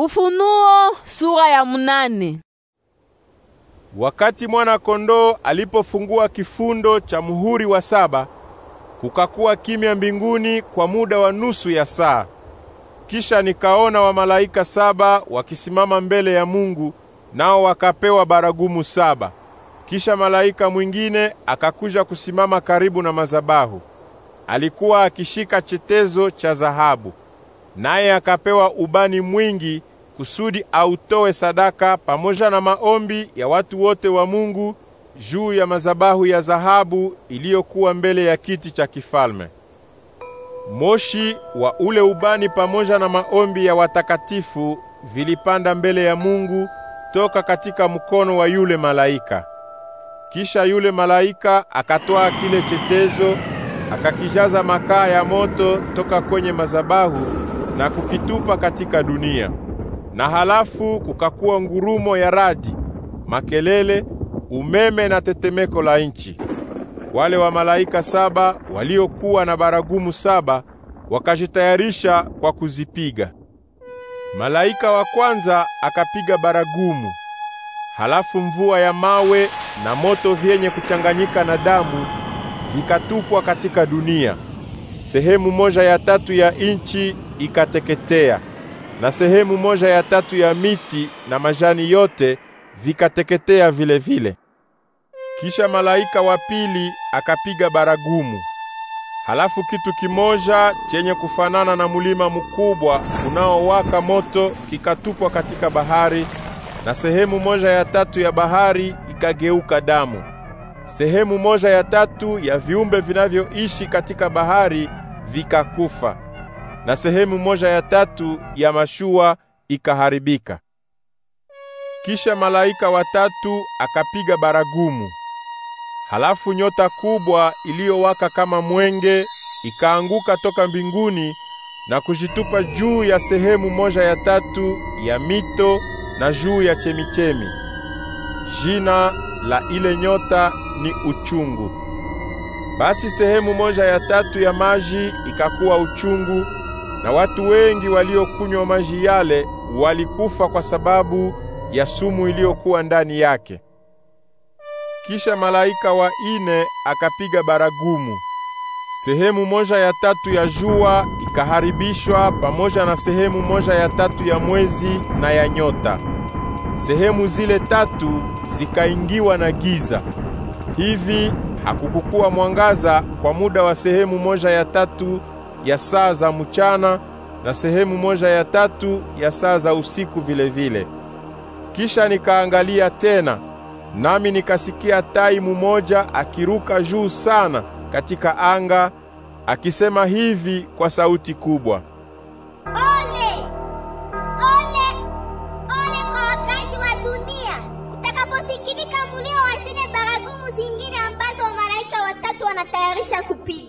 Ufunuo sura ya mnane. Wakati mwana-kondoo alipofungua kifundo cha muhuri wa saba, kukakuwa kimya mbinguni kwa muda wa nusu ya saa. Kisha nikaona wamalaika saba wakisimama mbele ya Mungu, nao wakapewa baragumu saba. Kisha malaika mwingine akakuja kusimama karibu na mazabahu. Alikuwa akishika chetezo cha dhahabu naye akapewa ubani mwingi kusudi autoe sadaka pamoja na maombi ya watu wote wa Mungu juu ya mazabahu ya zahabu iliyokuwa mbele ya kiti cha kifalme. Moshi wa ule ubani pamoja na maombi ya watakatifu vilipanda mbele ya Mungu toka katika mkono wa yule malaika. Kisha yule malaika akatoa kile chetezo akakijaza makaa ya moto toka kwenye mazabahu na kukitupa katika dunia, na halafu kukakuwa ngurumo ya radi, makelele, umeme na tetemeko la nchi. Wale wa malaika saba waliokuwa na baragumu saba wakajitayarisha kwa kuzipiga. Malaika wa kwanza akapiga baragumu, halafu mvua ya mawe na moto vyenye kuchanganyika na damu vikatupwa katika dunia. Sehemu moja ya tatu ya inchi ikateketea, na sehemu moja ya tatu ya miti na majani yote vikateketea vile vile. Kisha malaika wa pili akapiga baragumu. Halafu kitu kimoja chenye kufanana na mulima mkubwa unaowaka moto kikatupwa katika bahari, na sehemu moja ya tatu ya bahari ikageuka damu. Sehemu moja ya tatu ya viumbe vinavyoishi katika bahari vikakufa na sehemu moja ya tatu ya mashua ikaharibika. Kisha malaika watatu akapiga baragumu, halafu nyota kubwa iliyowaka kama mwenge ikaanguka toka mbinguni na kujitupa juu ya sehemu moja ya tatu ya mito na juu ya chemichemi. Jina la ile nyota ni Uchungu. Basi sehemu moja ya tatu ya maji ikakuwa uchungu na watu wengi waliokunywa maji yale walikufa kwa sababu ya sumu iliyokuwa ndani yake. Kisha malaika wa ine akapiga baragumu. Sehemu moja ya tatu ya jua ikaharibishwa pamoja na sehemu moja ya tatu ya mwezi na ya nyota. Sehemu zile tatu zikaingiwa na giza. Hivi hakukukuwa mwangaza kwa muda wa sehemu moja ya tatu ya saa za mchana na sehemu moja ya tatu ya saa za usiku vilevile vile. Kisha nikaangalia tena, nami nikasikia tai mumoja akiruka juu sana katika anga akisema hivi kwa sauti kubwa, ole ole ole kwa wakazi wa dunia utakaposikilika mulio wa zile baragumu zingine ambazo malaika watatu wanatayarisha kupiga.